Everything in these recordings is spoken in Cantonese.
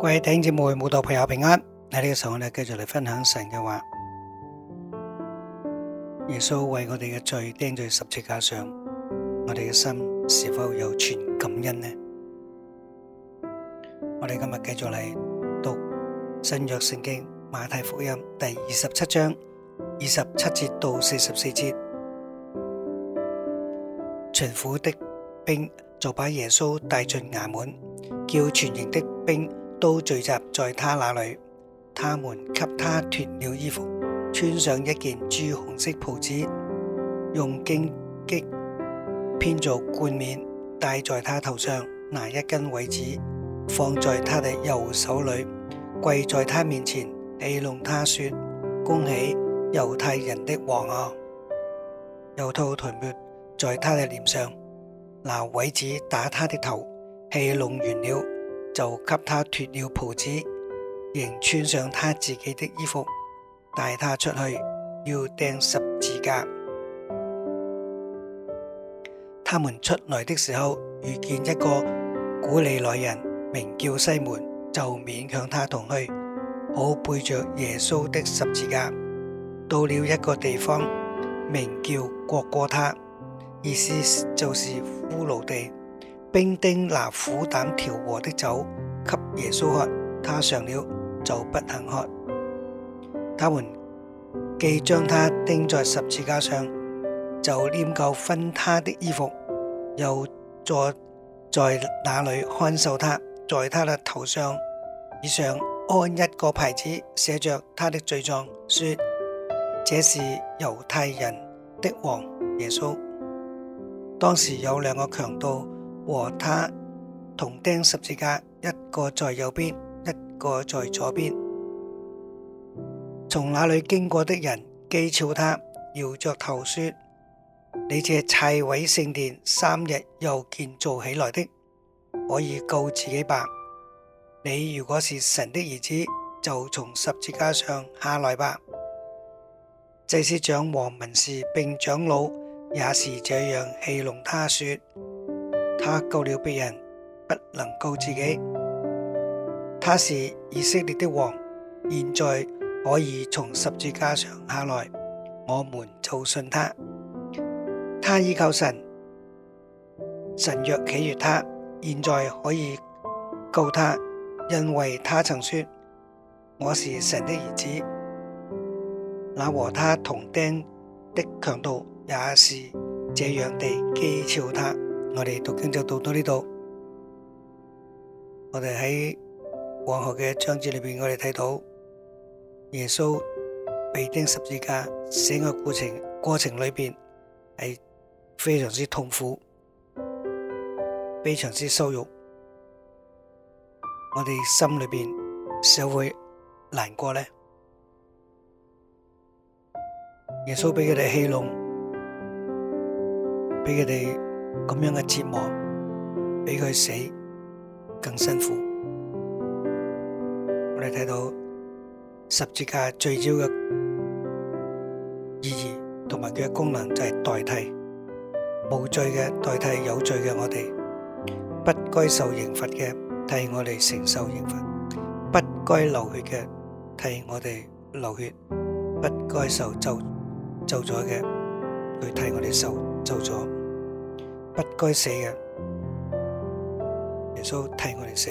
各位弟兄姊妹、信徒朋友平安，喺呢個時候咧，我哋繼續嚟分享神嘅話。耶穌為我哋嘅罪釘在十字架上，我哋嘅心是否有存感恩呢？我哋今日繼續嚟讀新約聖經馬太福音第二十七章二十七節到四十四節。巡撫的兵就把耶穌帶進衙門，叫全營的兵。都聚集在他那裏，他們給他脫了衣服，穿上一件朱紅色袍子，用荊棘編做冠冕戴在他頭上，拿一根葦子放在他的右手裏，跪在他面前戲弄他說：恭喜猶太人的王啊！又吐唾沫在他的臉上，拿葦子打他的頭。戲弄完了。就給他脫了袍子，仍穿上他自己的衣服，帶他出去，要釘十字架。他們出來的時候，遇見一個古利奈人，名叫西門，就勉強他同去，好背着耶穌的十字架。到了一個地方，名叫各各他，意思就是骷髏地，兵丁拿苦膽調和的酒。給耶穌喝，他嘗了就不肯喝。他們既將他釘在十字架上，就拈鬮分他的衣服，又坐在那裏看守他，在他的頭上以上安一個牌子，寫着他的罪狀，說：這是猶太人的王耶穌。當時有兩個強盜和他同釘十字架。一個在右邊，一個在左邊。從那裏經過的人譏笑他，搖着頭說：你這拆毀聖殿三日又建造起來的，可以救自己吧。你如果是神的兒子，就從十字架上下來吧。祭司長王文士並長老也是這樣戲弄他，說：他救了別人，不能救自己。他是以色列的王，現在可以從十字架上下來。我們就信他。他依靠神，神若喜悅他，現在可以救他，因為他曾說我是神的兒子。那和他同釘的強盜，也是這樣地譏誚他。我哋讀經就讀到呢度，我哋喺。往後嘅章節裏邊，我哋睇到耶穌被釘十字架死嘅過程，過程裏邊係非常之痛苦、非常之羞辱。我哋心裏邊是否會難過咧？耶穌俾佢哋戲弄，俾佢哋咁樣嘅折磨，比佢死更辛苦。我哋睇到十字架聚焦嘅意義同埋佢嘅功能就係代替無罪嘅，代替有罪嘅，我哋不該受刑罰嘅替我哋承受刑罰，不該流血嘅替我哋流血，不該受咒咒咗嘅佢替我哋受咒咗，不該死嘅耶穌替我哋死。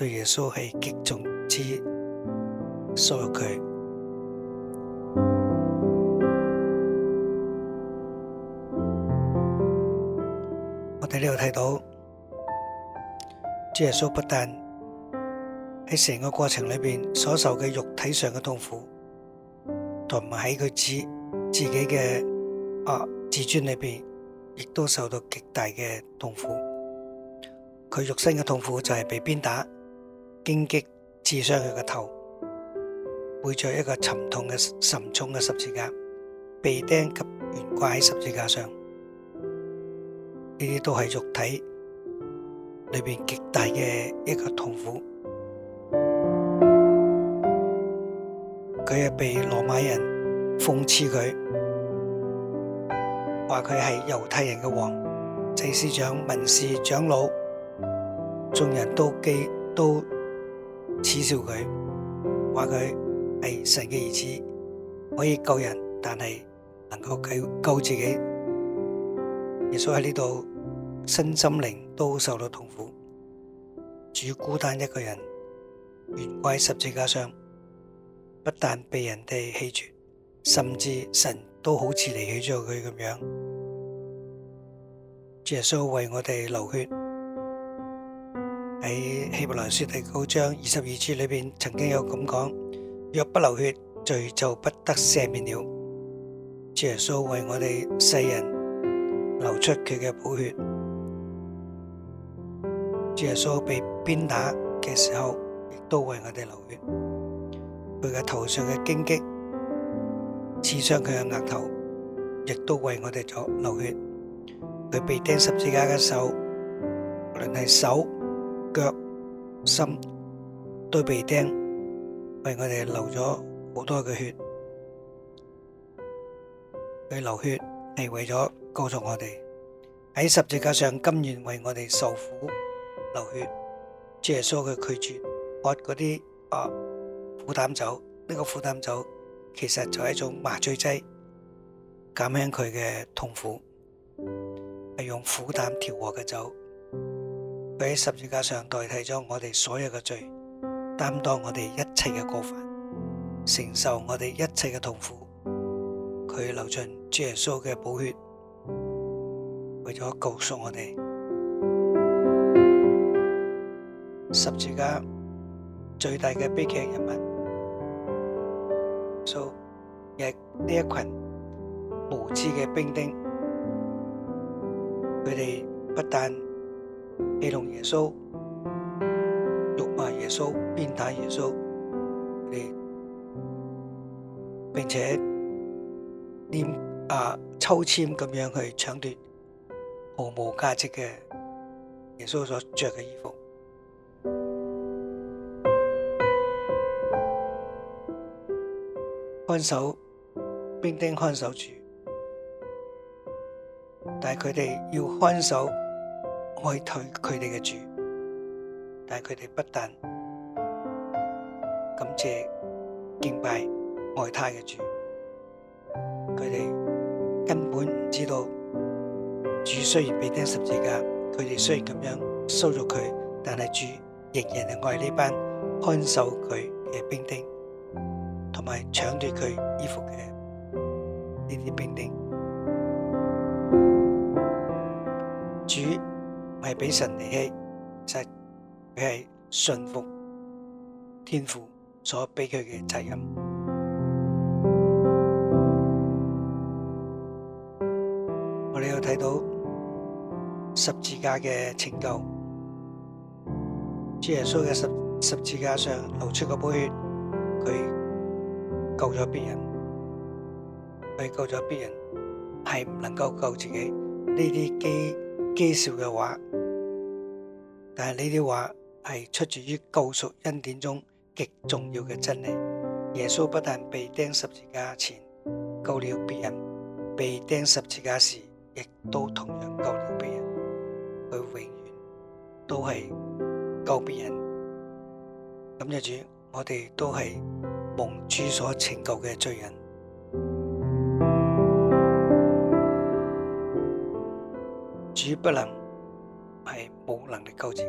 對耶穌係極重之羞辱佢。我哋呢度睇到，即係耶穌不但喺成個過程裏邊所受嘅肉體上嘅痛苦，同埋喺佢自自己嘅啊自尊裏邊，亦都受到極大嘅痛苦。佢肉身嘅痛苦就係被鞭打。荊棘刺傷佢個頭，背着一個沉痛嘅沉重嘅十字架，被釘及懸掛喺十字架上。呢啲都係肉體裏邊極大嘅一個痛苦。佢又被羅馬人諷刺佢，話佢係猶太人嘅王、祭司長、文士長老，眾人都記都。恥笑佢，話佢係神嘅兒子，可以救人，但係能夠佢救自己。耶穌喺呢度身心靈都受到痛苦，主孤單一個人，懸掛十字架上，不但被人哋棄絕，甚至神都好似離棄咗佢咁樣。耶穌為我哋流血。喺希伯來書第九章二十二節裏邊，曾經有咁講：若不流血，罪就不得赦免了。主耶穌為我哋世人流出佢嘅寶血。主耶穌被鞭打嘅時候，亦都為我哋流血。佢嘅頭上嘅荊棘刺傷佢嘅額頭，亦都為我哋咗流血。佢被釘十字架嘅手，無論係手。腳心都被釘，為我哋流咗好多嘅血。佢流血係為咗告訴我哋，喺十字架上甘願為我哋受苦流血。主耶穌佢拒絕，喝嗰啲啊苦膽酒，呢個苦膽酒其實就係一種麻醉劑，減輕佢嘅痛苦，係用苦膽調和嘅酒。佢喺十字架上代替咗我哋所有嘅罪，擔當我哋一切嘅過犯，承受我哋一切嘅痛苦。佢流盡主耶穌嘅寶血，為咗告訴我哋。十字架最大嘅悲劇人物，耶穌，亦呢一群無知嘅兵丁，佢哋不但戲弄耶穌、辱罵耶穌、鞭打耶穌，佢哋並且拈，啊、抽籤咁樣去搶奪毫無價值嘅耶穌所着嘅衣服，看守兵丁，看守住，但係佢哋要看守。愛戴佢哋嘅主，但係佢哋不但感謝敬拜愛他嘅主，佢哋根本唔知道主雖然被釘十字架，佢哋雖然咁樣羞辱佢，但係主仍然係愛呢班看守佢嘅兵丁，同埋搶奪佢衣服嘅呢啲兵丁，主。係俾神離棄，就係佢係順服天父所俾佢嘅責任。我哋又睇到十字架嘅拯救，主耶穌嘅十十字架上流出個血，佢救咗別人，佢救咗別人係唔能夠救自己。呢啲譏譏笑嘅話。但係呢啲話係出自於救贖恩典中極重要嘅真理。耶穌不但被釘十字架前救了別人，被釘十字架時亦都同樣救了別人。佢永遠都係救別人。咁就主，我哋都係蒙主所拯救嘅罪人。主不能係。冇能力救自己，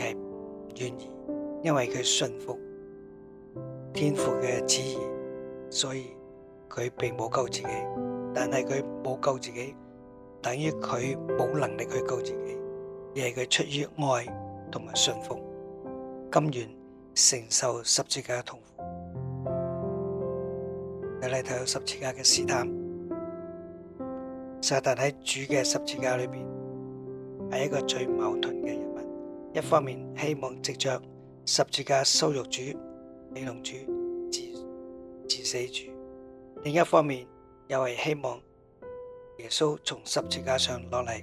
係唔願意，因為佢順服天父嘅旨意，所以佢並冇救自己。但係佢冇救自己，等於佢冇能力去救自己，而係佢出於愛同埋順服，甘願承受十字架嘅痛苦。你嚟睇下十字架嘅試探，撒但喺主嘅十字架裏邊。係一個最矛盾嘅人物，一方面希望藉着十字架羞辱主、被弄主、治治死主；另一方面又係希望耶穌從十字架上落嚟，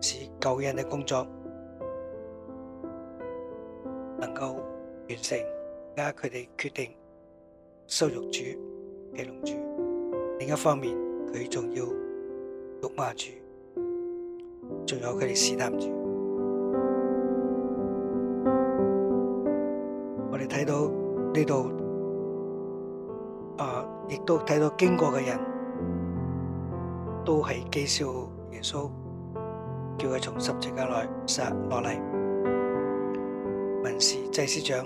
使救恩嘅工作能夠完成。而家佢哋決定羞辱主、被弄主；另一方面佢仲要辱罵主。仲有佢哋試探住，我哋睇到呢度，誒，亦都睇到經過嘅人都係譏笑耶穌，叫佢從十字架內殺落嚟。文士祭司長，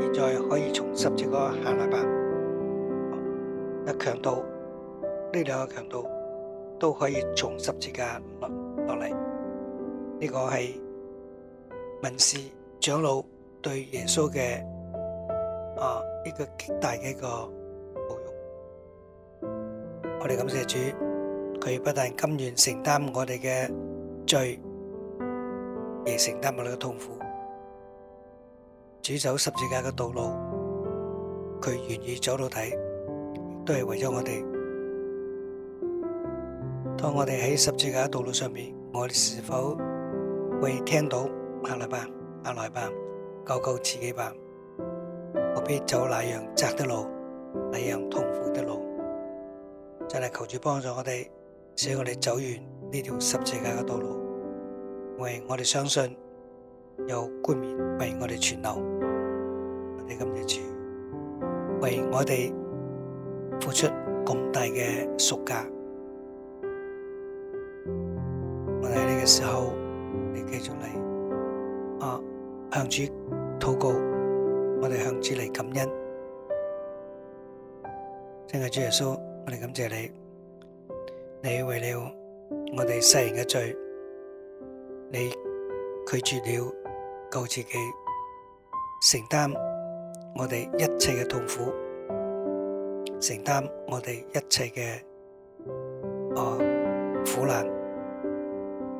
現在可以從十字架行嚟吧？一強盜，呢兩個強盜。都可以從十字架落落嚟，呢個係文士長老對耶穌嘅啊一個極大嘅一個侮辱。我哋感謝主，佢不但甘願承擔我哋嘅罪，亦承擔我哋嘅痛苦。主走十字架嘅道路，佢願意走到底，都係為咗我哋。當我哋喺十字架道路上面，我哋是否會聽到阿嚟吧，阿來吧，救救自己吧？何必走那樣窄的路，那樣痛苦的路。真係求主幫助我哋，使我哋走完呢條十字架嘅道路。為我哋相信有冠冕為我哋存留。我哋感謝主為我哋付出咁大嘅贖價。時候，你繼續嚟啊！向主禱告，我哋向主嚟感恩，真係主耶穌，我哋感謝你，你為了我哋世人嘅罪，你拒絕了救自己，承擔我哋一切嘅痛苦，承擔我哋一切嘅啊苦難。